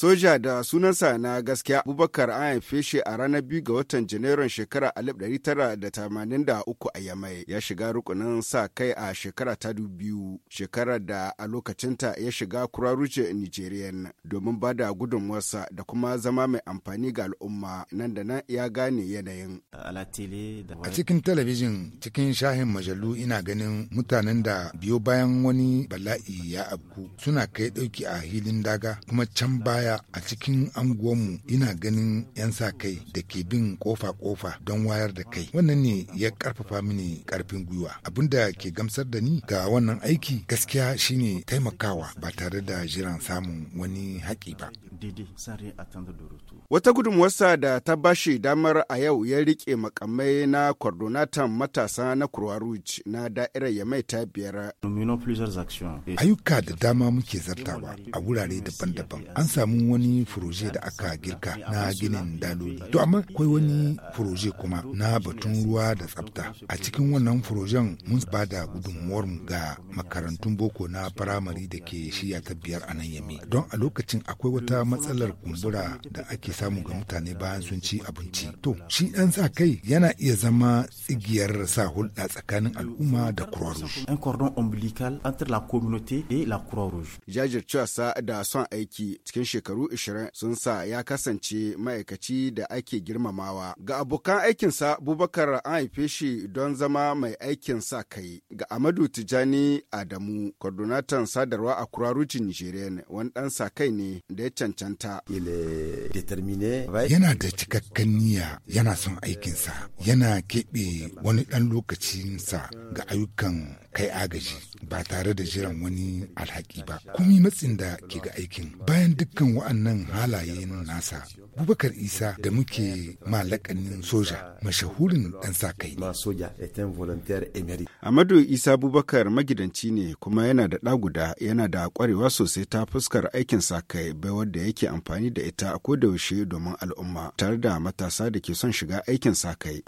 Soja da sunansa na gaskiya Abubakar an haife shi a ranar biyu ga watan Janairun shekara 1983 a Yamai. Ya shiga rukunin sa kai a shekara ta biyu shekarar da a lokacinta ya shiga kuraruje Nigerian domin ba da gudunmuwarsa da kuma zama mai amfani ga al'umma nan da nan ya gane yanayin. A cikin talabijin cikin shahin majalu ina ganin mutanen da biyo bayan wani bala'i ya abu suna kai ɗauki a hilin daga kuma can baya daya a cikin anguwanmu ina ganin 'yan sa kai da ke bin kofa-kofa don wayar da kai wannan ne ya karfafa mini karfin gwiwa abin da ke gamsar da ni ga wannan aiki gaskiya shine taimakawa ba tare da jiran samun wani haƙi ba wata gudunmuwarsa da ta bashi damar a yau ya rike makamai na coordinator matasa na Kurwaruj na da'irar mai ta biyar. Ayyuka da dama muke zartawa a wurare daban-daban. An samu cikin wani furoje da aka girka na ginin daloli to amma akwai wani furoje kuma na batun ruwa da tsafta a cikin wannan furojen mun ba da mu ga makarantun boko na firamare da ke shiya ta biyar a nan yame don a lokacin akwai wata matsalar kumbura da ake samu ga mutane bayan sun ci abinci to shi dan sa kai yana iya zama tsigiyar sa hulɗa tsakanin al'umma da croix rouge un cordon entre la communauté croix jajircewa sa da son aiki cikin shekaru shekaru 20 sun sa ya kasance ma'aikaci da ake girmamawa. Ga abokan aikinsa Bubakar an haife shi don zama mai aikin sa kai. Ga Amadu Tijani Adamu, kwadonatan sadarwa a Nigeria ne, wani ɗan sa kai ne da ya cancanta. Yana da cikakken niyya, yana son aikinsa, yana keɓe wani ɗan lokacinsa ga ayyukan kai agaji ba tare da jiran wani alhaki ba. Kumi matsin da ke ga aikin bayan dukkan wa'annan halayen nasa. Bubakar Isa da muke malakanin soja mashahurin ɗan sa kai Amadu Isa Bubakar magidanci ne kuma yana da ɗa guda yana da ƙwarewa sosai ta fuskar aikin sa kai bai da yake amfani da ita a yaushe domin al'umma tare da matasa da ke son shiga aikin sa kai.